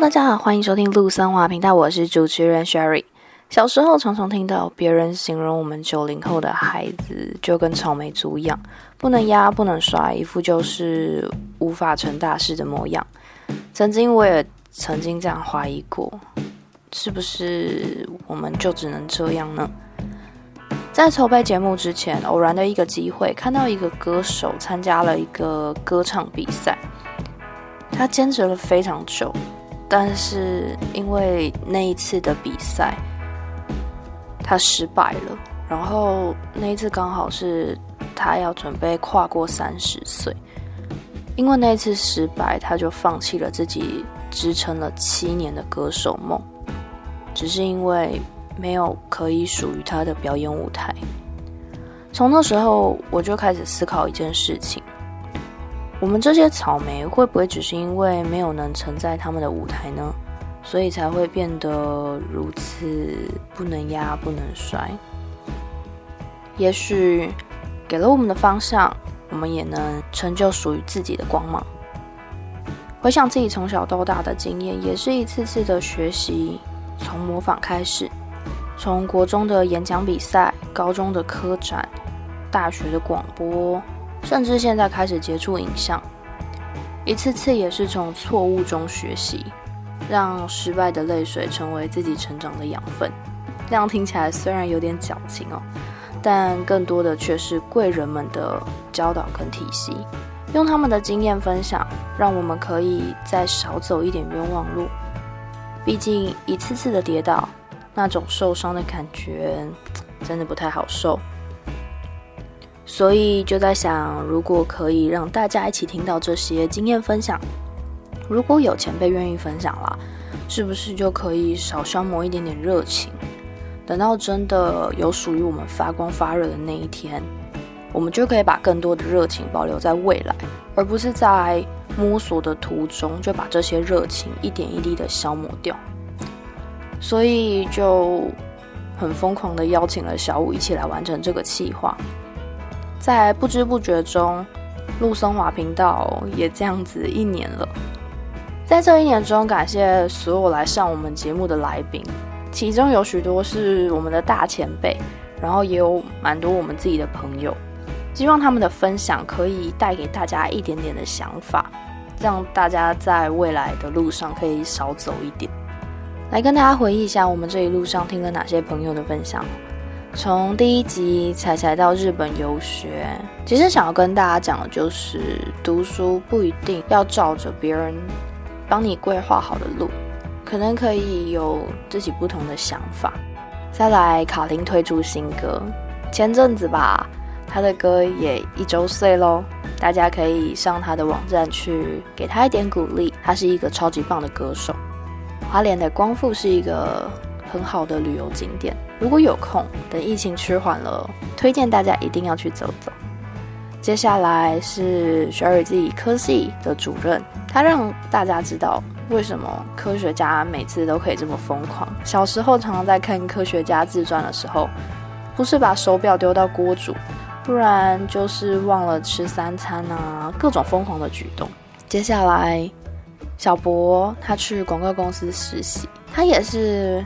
大家好，歡迎收聽路森華頻道，我是主持人 Sherry。小時候常常聽到別人形容我們九零後的孩子就跟草莓族一樣，不能壓，不能刷，一副就是無法成大事的模樣。曾經我也曾經這樣懷疑過，是不是我們就只能這樣呢？在籌備節目之前，偶然的一個機會，看到一個歌手參加了一個歌唱比賽，他堅持了非常久。但是因為那一次的比賽，他失敗了。然後那一次剛好是他要準備跨過三十歲，因為那一次失敗，他就放棄了自己支撐了七年的歌手夢，只是因為沒有可以屬於他的表演舞台。從那時候，我就開始思考一件事情。我們這些草莓會不會只是因為沒有能承載他們的舞台呢？所以才會變得如此不能壓不能摔。也許給了我們的方向，我們也能成就屬於自己的光芒。回想自己從小到大的經驗，也是一次次的學習，從模仿開始，從國中的演講比賽、高中的科展、大學的廣播。甚至現在開始接觸影像，一次次也是從錯誤中學習，讓失敗的淚水成為自己成長的養分。這樣聽起來雖然有點矯情哦，但更多的卻是貴人們的教導跟體系，用他們的經驗分享，讓我們可以再少走一點冤枉路。畢竟一次次的跌倒，那種受傷的感覺真的不太好受。所以就在想，如果可以讓大家一起聽到這些經驗分享，如果有前輩願意分享了，是不是就可以少消磨一點點熱情？等到真的有屬於我們發光發熱的那一天，我們就可以把更多的熱情保留在未來，而不是在摸索的途中就把這些熱情一點一滴的消磨掉。所以就很瘋狂的邀請了小武一起來完成這個計劃。在不知不覺中，路森華頻道也這樣子一年了。在這一年中，感謝所有來上我們節目的來賓，其中有許多是我們的大前輩，然後也有蠻多我們自己的朋友。希望他們的分享可以帶給大家一點點的想法，讓大家在未來的路上可以少走一點。來跟大家回憶一下，我們這一路上聽了哪些朋友的分享。從第一集才才到日本遊學，其實想要跟大家講的就是讀書不一定要照着別人幫你規劃好的路，可能可以有自己不同的想法。再來，卡琳推出新歌，前陣子吧，她的歌也一周歲嘍，大家可以上她的網站去給她一點鼓勵，她是一個超級棒的歌手。花蓮的光復是一個很好的旅遊景點。如果有空，等疫情趨緩了，推薦大家一定要去走走。接下來是 Sherry 自己科系的主任，他讓大家知道為什麼科學家每次都可以這麼瘋狂。小時候常常在看科學家自傳的時候，不是把手表丟到鍋煮，不然就是忘了吃三餐啊，各種瘋狂的舉動。接下來小博他去廣告公司實習，他也是。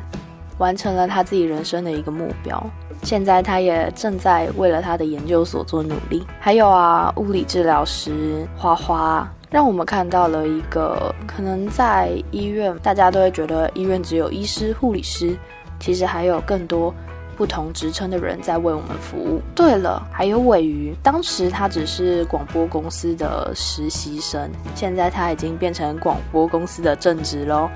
完成了他自己人生的一個目標，現在他也正在為了他的研究所做努力。還有啊，物理治療師花花，讓我們看到了一個可能在醫院，大家都會覺得醫院只有醫師、護理師，其實還有更多不同職稱的人在為我們服務。對了，還有尾魚，當時他只是廣播公司的實習生，現在他已經變成廣播公司的正職嘍。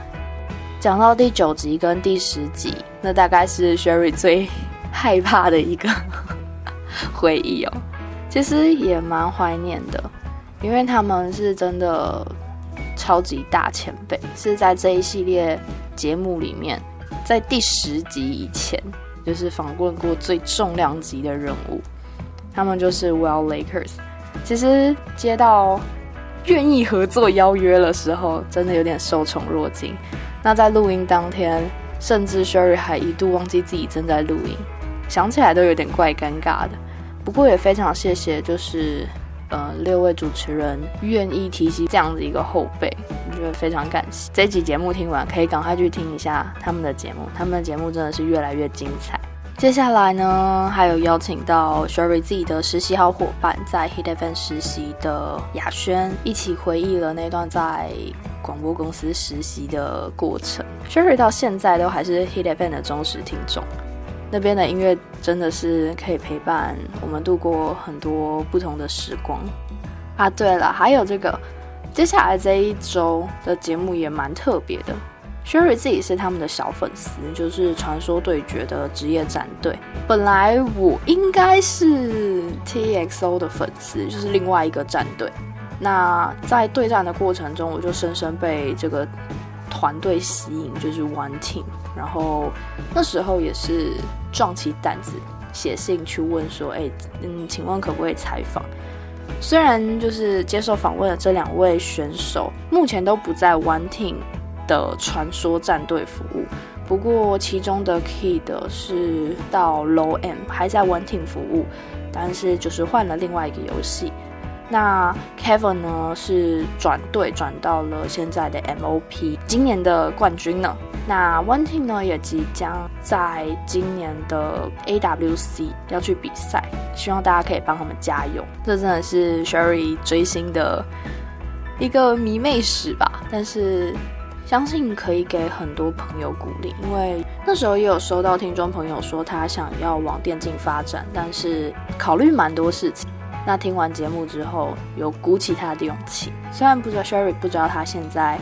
講到第九集跟第十集，那大概是 Sherry 最害怕的一個回憶哦。其實也蠻懷念的，因為他們是真的超級大前輩，是在這一系列節目裡面，在第十集以前，就是訪問過最重量級的人物，他們就是 Well Lakers。其實接到願意合作邀約的時候，真的有點受寵若驚。那在錄音當天，甚至 Sherry 還一度忘記自己正在錄音，想起來都有點怪尷尬的。不過也非常謝謝，就是呃六位主持人願意提起這樣子一個後輩，我覺得非常感謝。這集節目聽完，可以趕快去聽一下他們的節目，他們的節目真的是越來越精彩。接下來呢，還有邀請到 Sherry 自己的實習好夥伴，在 Hit FM 實習的雅軒，一起回憶了那段在廣播公司實習的過程。Sherry 到現在都還是 Hit FM 的忠實聽眾，那邊的音樂真的是可以陪伴我們度過很多不同的時光啊！對了，還有這個，接下來這一周的節目也蠻特別的。Sherry 自己是他們的小粉絲，就是傳說對決的職業戰隊。本來我應該是 TXO 的粉絲，就是另外一個戰隊。那在對戰的過程中，我就深深被這個團隊吸引，就是 OneTeam。然後那時候也是壯起膽子寫信去問說：“哎、欸，嗯，請問可不可以採訪？”雖然就是接受訪問的這兩位選手目前都不在 OneTeam，的傳說戰隊服務，不過其中的 Kid 的是到 Low M 還在 One Team 服務，但是就是換了另外一個遊戲。那 Kevin 呢是轉隊轉到了現在的 MOP，今年的冠軍呢。那 One Team 呢也即將在今年的 AWC 要去比賽，希望大家可以幫他們加油。這真的是 Sherry 追星的一個迷妹史吧，但是。相信可以給很多朋友鼓勵，因為那時候也有收到聽眾朋友說他想要往電競發展，但是考慮蠻多事情。那聽完節目之後，有鼓起他的勇氣。雖然不知道 Sherry 不知道他現在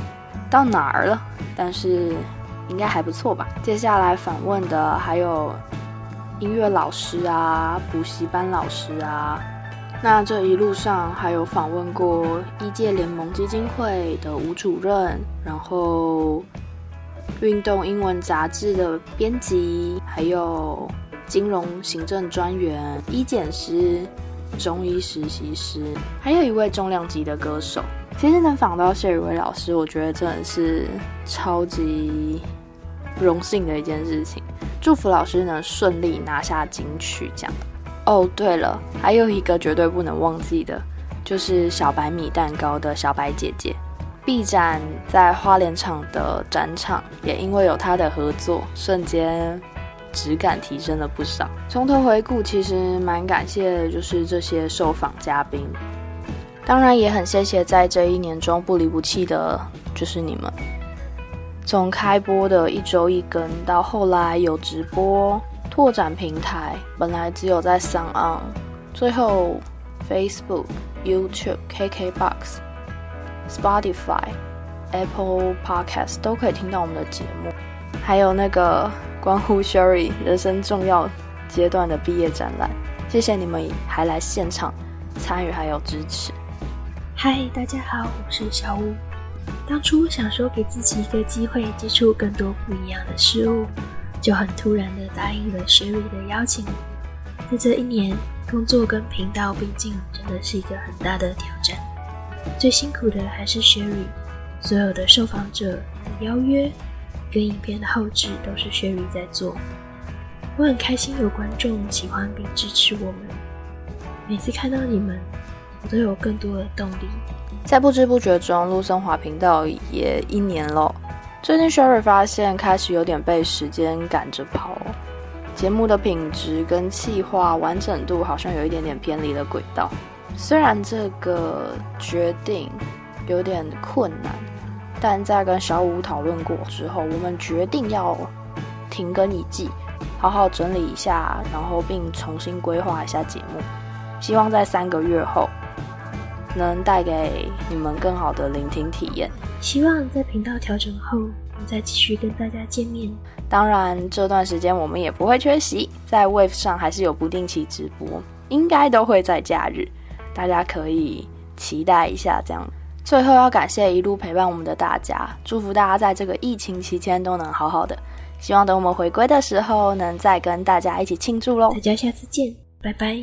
到哪兒了，但是應該還不錯吧。接下來訪問的還有音樂老師啊，補習班老師啊。那這一路上還有訪問過醫界聯盟基金會的吳主任，然後運動英文雜誌的編輯，還有金融行政專員、醫檢師、中醫實習師，還有一位重量級的歌手。其實能訪到謝宇威老師，我覺得真的是超級榮幸的一件事情。祝福老師能順利拿下金曲獎。哦，對了，還有一個絕對不能忘記的，就是小白米蛋糕的小白姐姐。B 展在花蓮場的展場，也因為有她的合作，瞬間質感提升了不少。從頭回顧，其實蠻感謝，就是這些受訪嘉賓。當然，也很謝謝在這一年中不離不棄的，就是你們。從開播的一周一更到後來有直播。拓展平台本來只有在 SoundOn，最後 Facebook、YouTube、KKBox、Spotify、Apple Podcast 都可以聽到我們的節目，還有那個關乎 Sherry 人生重要階段的畢業展覽，謝謝你們還來現場參與還有支持。嗨，大家好，我是小武。當初我想說，給自己一個機會，接觸更多不一樣的事物。就很突然的答應了 Sherry 的邀請。在這一年，工作跟頻道並進真的是一個很大的挑戰。最辛苦的還是 Sherry，所有的受訪者的邀約跟影片的後製都是 Sherry 在做。我很開心有觀眾喜歡並支持我們，每次看到你們，我都有更多的動力。在不知不覺中，路森華頻道也一年了。最近 Sherry 發現開始有點被時間趕着跑，節目的品質跟企劃完整度好像有一點點偏離了軌道。雖然這個決定有點困難，但在跟小武討論過之後，我們決定要停更一季，好好整理一下，然後並重新規劃一下節目。希望在三個月後。能帶給你們更好的聆聽體驗。希望在頻道調整後，我們再繼續跟大家見面。當然，這段時間我們也不會缺席，在 Wave 上還是有不定期直播，應該都會在假日，大家可以期待一下這樣。最後要感謝一路陪伴我們的大家，祝福大家在這個疫情期間都能好好的。希望等我們回歸的時候，能再跟大家一起慶祝嘍。大家下次見，拜拜。